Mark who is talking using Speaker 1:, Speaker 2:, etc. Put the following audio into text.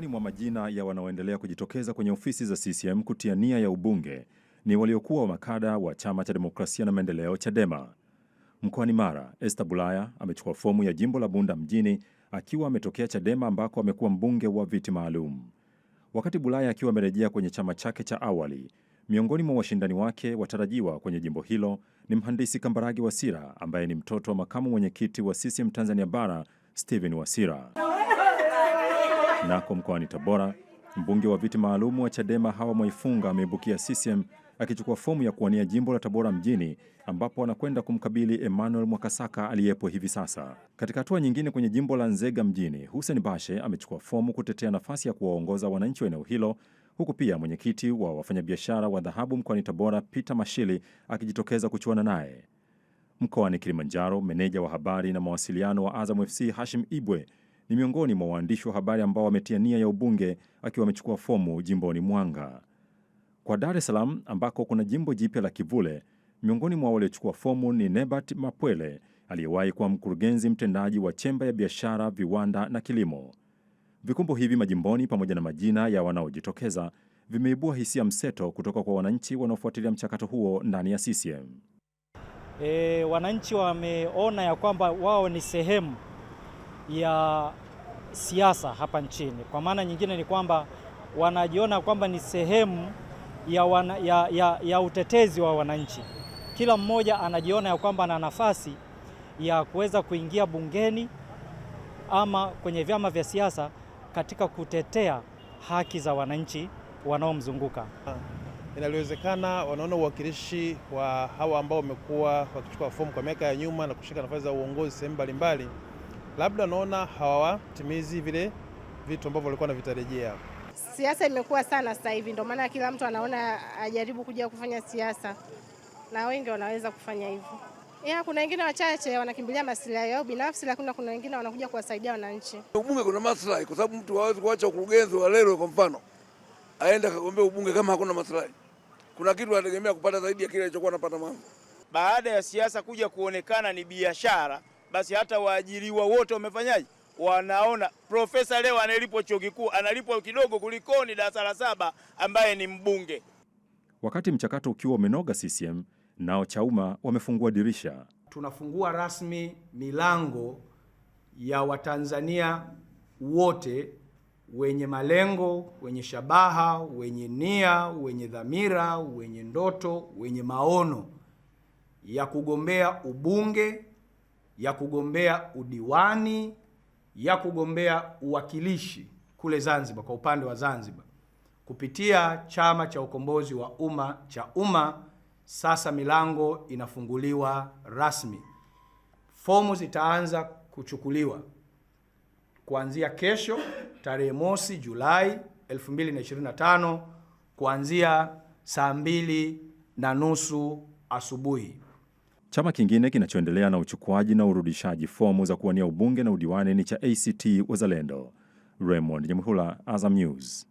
Speaker 1: Miongoni mwa majina ya wanaoendelea kujitokeza kwenye ofisi za CCM kutia nia ya ubunge ni waliokuwa makada wa chama cha demokrasia na maendeleo Chadema. Mkoani Mara, Esther Bulaya amechukua fomu ya jimbo la Bunda mjini akiwa ametokea Chadema ambako amekuwa mbunge wa viti maalum. Wakati Bulaya akiwa amerejea kwenye chama chake cha awali, miongoni mwa washindani wake watarajiwa kwenye jimbo hilo ni mhandisi Kambarage Wasira ambaye ni mtoto wa makamu mwenyekiti wa CCM Tanzania Bara Stephen Wasira. Nako mkoani Tabora, mbunge wa viti maalum wa Chadema Hawa Mwaifunga ameibukia CCM akichukua fomu ya kuwania jimbo la Tabora mjini ambapo anakwenda kumkabili Emmanuel Mwakasaka aliyepo hivi sasa. Katika hatua nyingine, kwenye jimbo la Nzega mjini, Hussein Bashe amechukua fomu kutetea nafasi ya kuwaongoza wananchi wa eneo hilo, huku pia mwenyekiti wa wafanyabiashara wa dhahabu mkoani Tabora Peter Mashili akijitokeza kuchuana naye. Mkoani Kilimanjaro, meneja wa habari na mawasiliano wa Azam FC Hashim Ibwe ni miongoni mwa waandishi wa habari ambao wametia nia ya ubunge akiwa amechukua fomu jimboni Mwanga. Kwa Dar es Salaam ambako kuna jimbo jipya la Kivule, miongoni mwa waliochukua fomu ni Nebat Mapwele aliyewahi kuwa mkurugenzi mtendaji wa chemba ya biashara, viwanda na kilimo. Vikumbo hivi majimboni pamoja na majina ya wanaojitokeza vimeibua hisia mseto kutoka kwa wananchi wanaofuatilia mchakato huo ndani ya CCM.
Speaker 2: E, wananchi wameona ya kwamba wao ni sehemu ya siasa hapa nchini. Kwa maana nyingine ni kwamba wanajiona kwamba ni sehemu ya, wana, ya, ya, ya utetezi wa wananchi. Kila mmoja anajiona ya kwamba ana nafasi ya kuweza kuingia bungeni ama kwenye vyama vya siasa katika kutetea haki za wananchi wanaomzunguka.
Speaker 3: Inaliwezekana wanaona uwakilishi wa hawa ambao wamekuwa wakichukua fomu kwa miaka ya nyuma na kushika nafasi za uongozi sehemu mbalimbali labda naona hawatimizi vile vitu ambavyo walikuwa wanavitarajia.
Speaker 4: Siasa imekuwa sana sasa hivi, ndio maana kila mtu anaona ajaribu kuja kufanya siasa, na wengi wanaweza kufanya hivyo. Ya, kuna wengine wachache wanakimbilia maslahi yao binafsi, lakini kuna wengine wanakuja kuwasaidia wananchi.
Speaker 5: Ubunge kuna maslahi, kwa sababu mtu hawezi kuacha ukurugenzi wa Lelwe kwa mfano aende akagombea ubunge kama hakuna maslahi. Kuna kitu anategemea kupata zaidi ya kile alichokuwa anapata mwanzo.
Speaker 6: Baada ya siasa kuja kuonekana ni biashara basi hata waajiriwa wote wamefanyaje? Wanaona profesa leo analipwa chuo kikuu analipwa kidogo kulikoni darasa la saba ambaye ni mbunge.
Speaker 1: Wakati mchakato ukiwa umenoga, CCM nao Chauma wamefungua dirisha.
Speaker 7: Tunafungua rasmi milango ya Watanzania wote wenye malengo, wenye shabaha, wenye nia, wenye dhamira, wenye ndoto, wenye maono ya kugombea ubunge ya kugombea udiwani, ya kugombea uwakilishi kule Zanzibar kwa upande wa Zanzibar kupitia Chama cha Ukombozi wa Umma cha umma. Sasa milango inafunguliwa rasmi, fomu zitaanza kuchukuliwa kuanzia kesho tarehe mosi Julai 2025 kuanzia saa mbili na nusu asubuhi.
Speaker 1: Chama kingine kinachoendelea na uchukuaji na urudishaji fomu za kuwania ubunge na udiwani ni cha ACT Wazalendo. Raymond Nyamhula, Azam News.